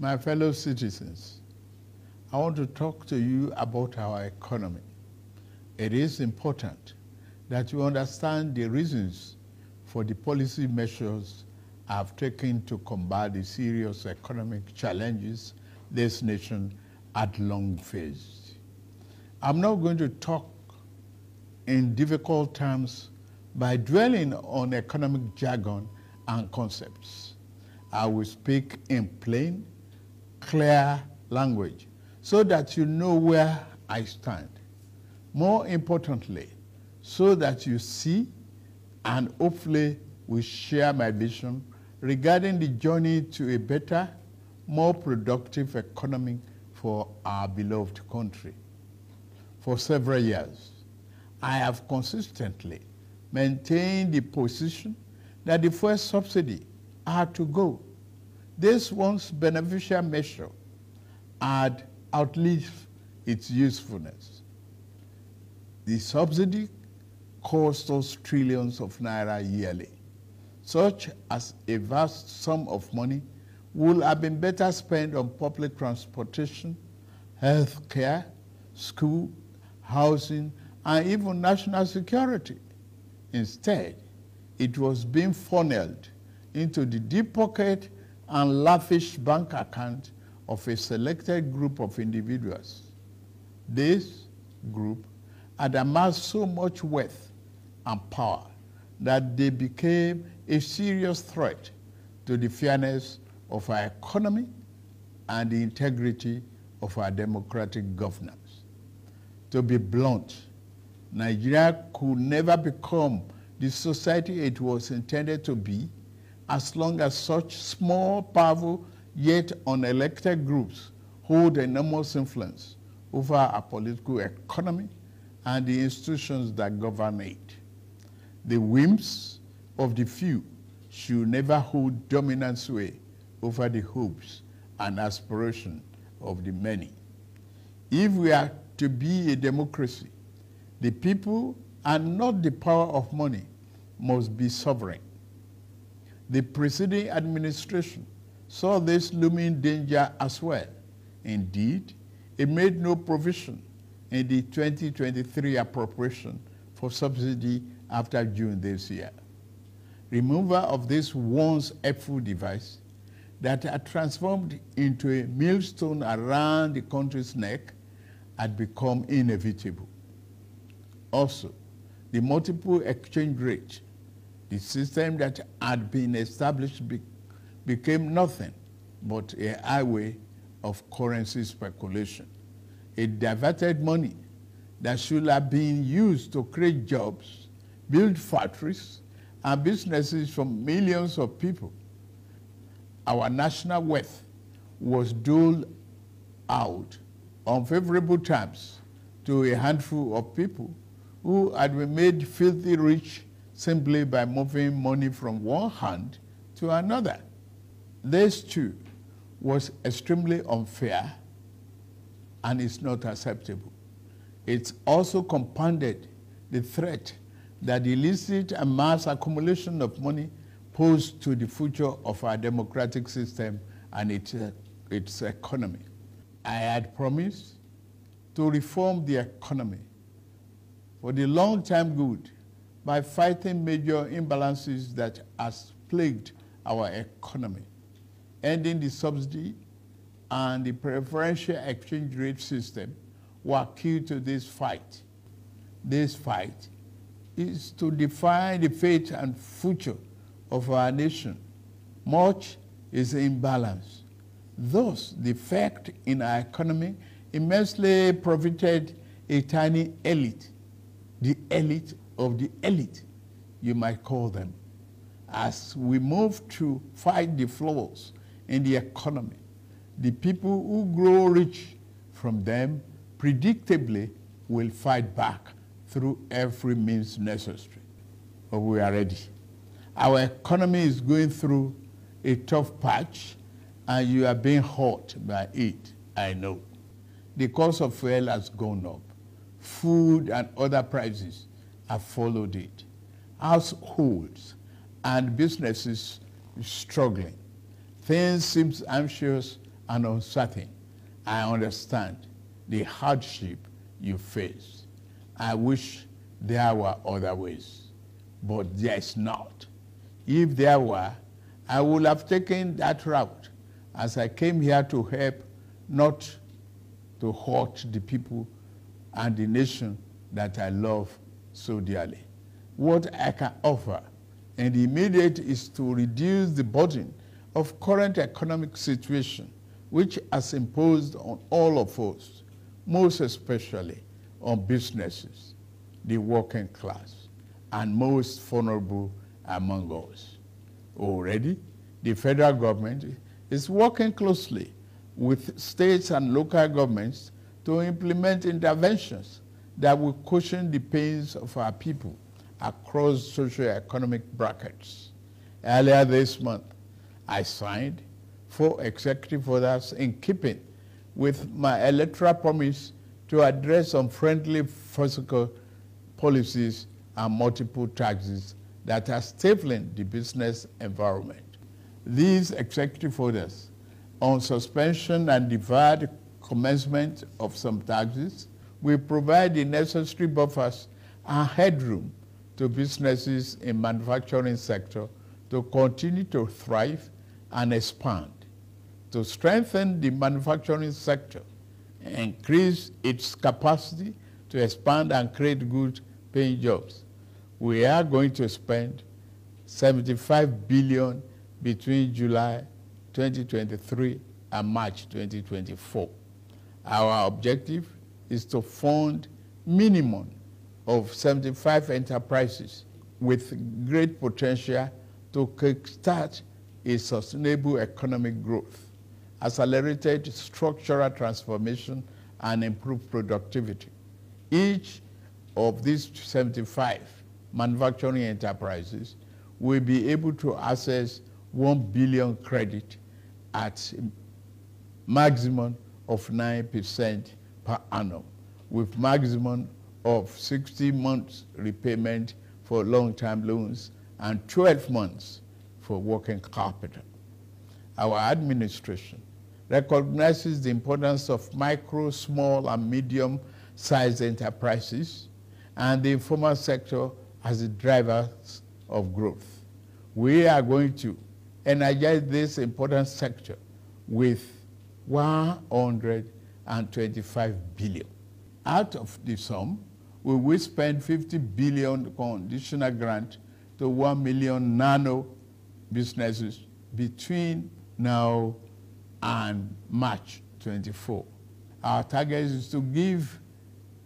My fellow citizens, I want to talk to you about our economy. It is important that you understand the reasons for the policy measures I've taken to combat the serious economic challenges this nation at long faced. I'm not going to talk in difficult terms by dwelling on economic jargon and concepts. I will speak in plain clear language so that you know where I stand. More importantly, so that you see and hopefully will share my vision regarding the journey to a better, more productive economy for our beloved country. For several years, I have consistently maintained the position that the first subsidy had to go this one's beneficial measure had outlived its usefulness. The subsidy cost us trillions of naira yearly, such as a vast sum of money would have been better spent on public transportation, health care, school, housing, and even national security. Instead, it was being funneled into the deep pocket and lavish bank account of a selected group of individuals. This group had amassed so much wealth and power that they became a serious threat to the fairness of our economy and the integrity of our democratic governance. To be blunt, Nigeria could never become the society it was intended to be as long as such small, powerful, yet unelected groups hold enormous influence over our political economy and the institutions that govern it. The whims of the few should never hold dominant sway over the hopes and aspirations of the many. If we are to be a democracy, the people and not the power of money must be sovereign. The preceding administration saw this looming danger as well. Indeed, it made no provision in the 2023 appropriation for subsidy after June this year. Removal of this once helpful device that had transformed into a millstone around the country's neck had become inevitable. Also, the multiple exchange rate the system that had been established be became nothing but a highway of currency speculation. It diverted money that should have been used to create jobs, build factories, and businesses for millions of people. Our national wealth was doled out on favorable terms to a handful of people who had been made filthy rich simply by moving money from one hand to another. This too was extremely unfair and is not acceptable. It also compounded the threat that illicit and mass accumulation of money posed to the future of our democratic system and its, uh, its economy. I had promised to reform the economy for the long-term good by fighting major imbalances that has plagued our economy, ending the subsidy and the preferential exchange rate system were key to this fight. This fight is to define the fate and future of our nation. Much is in balance. Thus, the fact in our economy immensely profited a tiny elite, the elite of the elite, you might call them, as we move to fight the flaws in the economy. The people who grow rich from them predictably will fight back through every means necessary. But we are ready. Our economy is going through a tough patch and you are being hurt by it, I know. The cost of fuel has gone up. Food and other prices have followed it. Households and businesses struggling. Things seem anxious and uncertain. I understand the hardship you face. I wish there were other ways, but there is not. If there were, I would have taken that route as I came here to help, not to hurt the people and the nation that I love so dearly. What I can offer and immediate is to reduce the burden of current economic situation which has imposed on all of us, most especially on businesses, the working class, and most vulnerable among us. Already, the federal government is working closely with states and local governments to implement interventions that will cushion the pains of our people across socio-economic brackets. Earlier this month, I signed four executive orders in keeping with my electoral promise to address unfriendly fiscal policies and multiple taxes that are stifling the business environment. These executive orders on suspension and deferred commencement of some taxes, we provide the necessary buffers and headroom to businesses in manufacturing sector to continue to thrive and expand. To strengthen the manufacturing sector, increase its capacity to expand and create good paying jobs, we are going to spend 75 billion between July 2023 and March 2024. Our objective is to fund minimum of 75 enterprises with great potential to kickstart a sustainable economic growth, accelerated structural transformation, and improved productivity. Each of these 75 manufacturing enterprises will be able to access 1 billion credit at maximum of 9% per annum with maximum of 60 months repayment for long-term loans and 12 months for working capital. Our administration recognizes the importance of micro, small, and medium-sized enterprises and the informal sector as the drivers of growth. We are going to energize this important sector with 100 and 25 billion. Out of the sum, we will spend 50 billion conditional grant to 1 million nano businesses between now and March 24. Our target is to give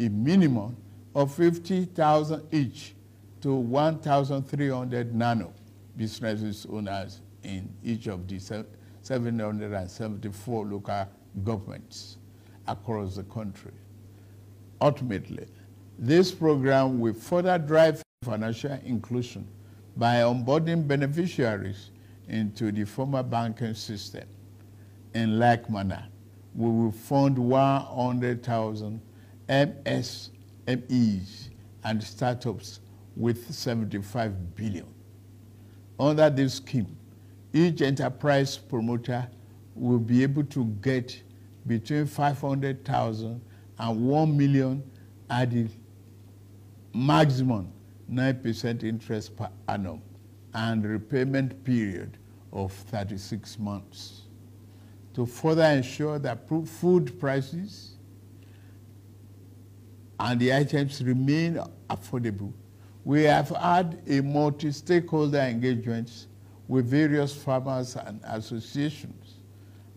a minimum of 50,000 each to 1,300 nano businesses owners in each of the 774 local governments across the country. Ultimately, this program will further drive financial inclusion by onboarding beneficiaries into the formal banking system. In like manner, we will fund 100,000 MSMEs and startups with 75 billion. Under this scheme, each enterprise promoter will be able to get between 500,000 and 1 million at the maximum 9% interest per annum and repayment period of 36 months to further ensure that food prices and the items remain affordable. We have had a multi-stakeholder engagement with various farmers and associations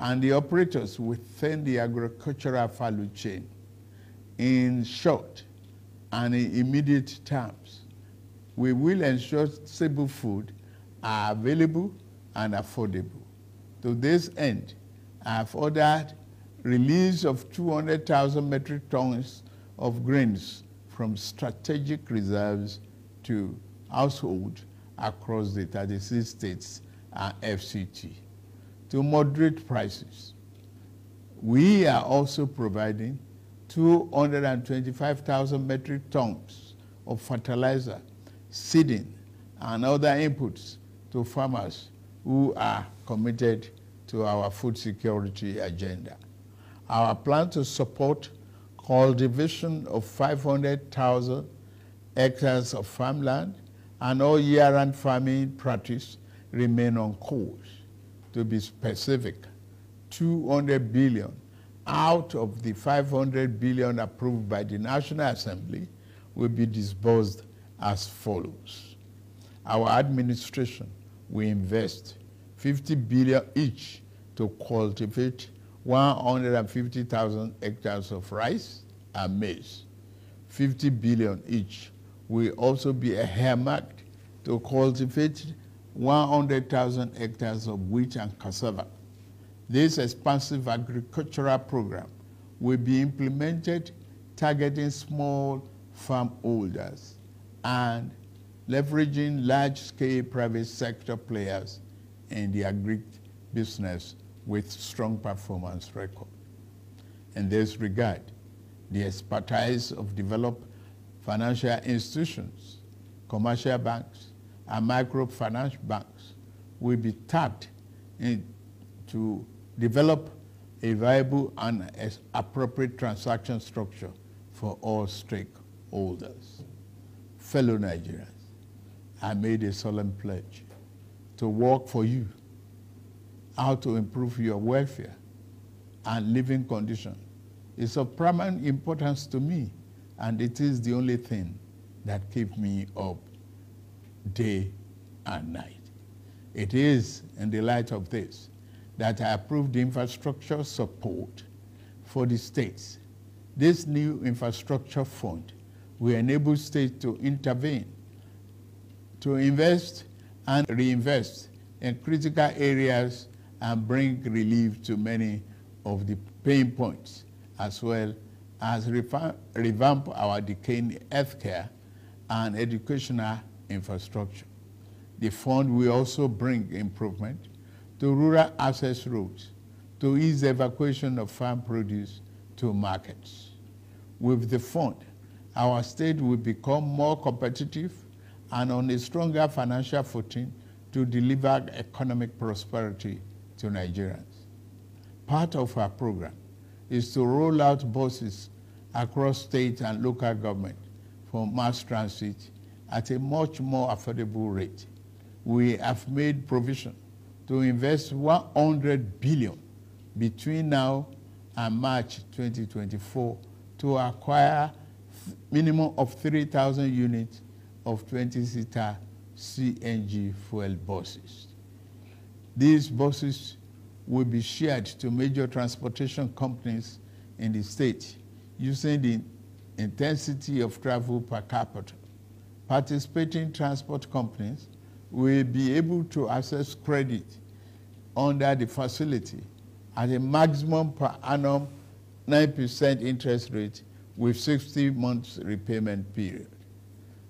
and the operators within the agricultural value chain in short and in immediate terms. We will ensure stable food are available and affordable. To this end, I have ordered release of 200,000 metric tons of grains from strategic reserves to households across the 36 states and FCT to moderate prices. We are also providing 225,000 metric tons of fertilizer, seeding, and other inputs to farmers who are committed to our food security agenda. Our plan to support cultivation of 500,000 hectares of farmland and all year-round farming practice remain on course to be specific, 200 billion out of the 500 billion approved by the National Assembly will be disbursed as follows. Our administration will invest 50 billion each to cultivate 150,000 hectares of rice and maize. 50 billion each will also be earmarked to cultivate 100,000 hectares of wheat and cassava. This expansive agricultural program will be implemented targeting small farm holders and leveraging large-scale private sector players in the agri business with strong performance record. In this regard, the expertise of developed financial institutions, commercial banks, and microfinance banks will be tapped to develop a viable and appropriate transaction structure for all stakeholders. Fellow Nigerians, I made a solemn pledge to work for you, how to improve your welfare and living conditions. It's of paramount importance to me, and it is the only thing that keeps me up day and night. It is in the light of this that I approved the infrastructure support for the states. This new infrastructure fund will enable states to intervene, to invest and reinvest in critical areas and bring relief to many of the pain points, as well as revamp our decaying healthcare and educational infrastructure. The fund will also bring improvement to rural access roads to ease evacuation of farm produce to markets. With the fund, our state will become more competitive and on a stronger financial footing to deliver economic prosperity to Nigerians. Part of our program is to roll out buses across state and local government for mass transit at a much more affordable rate. We have made provision to invest 100 billion between now and March 2024 to acquire minimum of 3,000 units of 20-seater CNG fuel buses. These buses will be shared to major transportation companies in the state using the intensity of travel per capita participating transport companies will be able to access credit under the facility at a maximum per annum 9% interest rate with 60 months repayment period.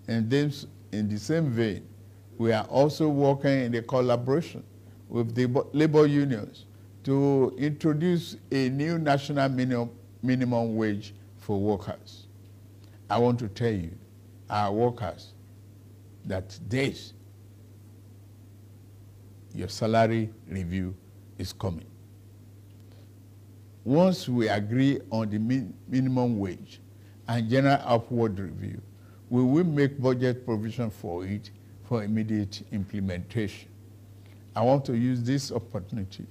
And then in the same vein, we are also working in the collaboration with the labor unions to introduce a new national minimum, minimum wage for workers. I want to tell you our workers that this, your salary review is coming. Once we agree on the min minimum wage and general upward review, we will make budget provision for it for immediate implementation. I want to use this opportunity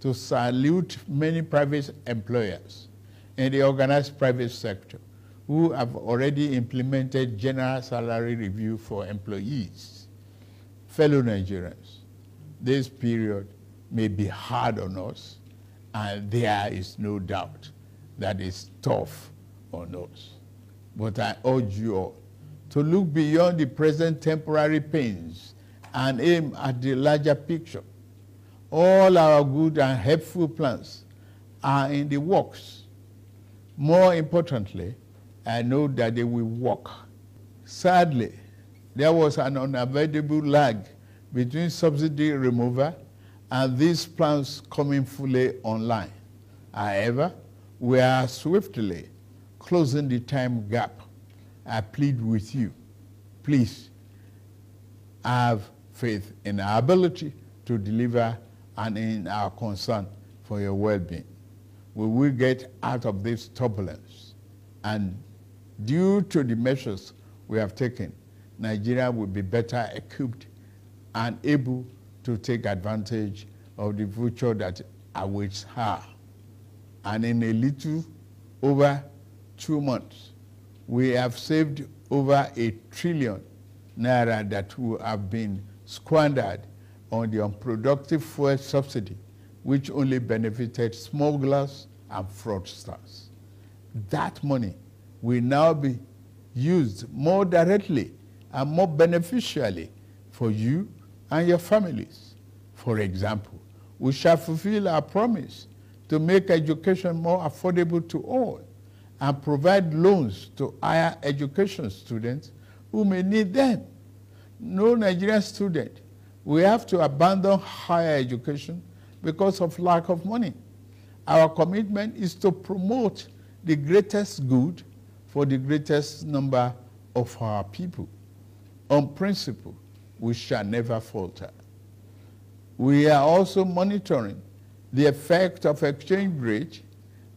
to salute many private employers in the organized private sector who have already implemented general salary review for employees. Fellow Nigerians, this period may be hard on us, and there is no doubt that it's tough on us. But I urge you all to look beyond the present temporary pains and aim at the larger picture. All our good and helpful plans are in the works. More importantly, I know that they will work. Sadly, there was an unavoidable lag between subsidy removal and these plans coming fully online. However, we are swiftly closing the time gap. I plead with you, please have faith in our ability to deliver and in our concern for your well-being. We will get out of this turbulence and due to the measures we have taken, Nigeria will be better equipped and able to take advantage of the future that awaits her. And in a little over two months, we have saved over a trillion naira that would have been squandered on the unproductive fuel subsidy, which only benefited smugglers and fraudsters. That money will now be used more directly and more beneficially for you and your families. For example, we shall fulfill our promise to make education more affordable to all and provide loans to higher education students who may need them. No Nigerian student we have to abandon higher education because of lack of money. Our commitment is to promote the greatest good for the greatest number of our people. On principle, we shall never falter. We are also monitoring the effect of exchange rate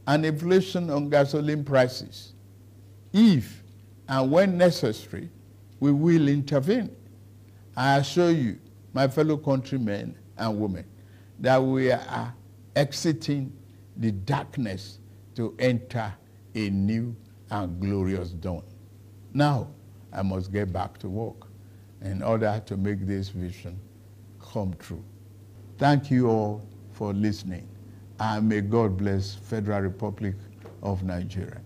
and inflation on gasoline prices. If and when necessary, we will intervene. I assure you, my fellow countrymen and women, that we are exiting the darkness to enter a new and glorious dawn. Now, I must get back to work in order to make this vision come true. Thank you all for listening, and may God bless Federal Republic of Nigeria.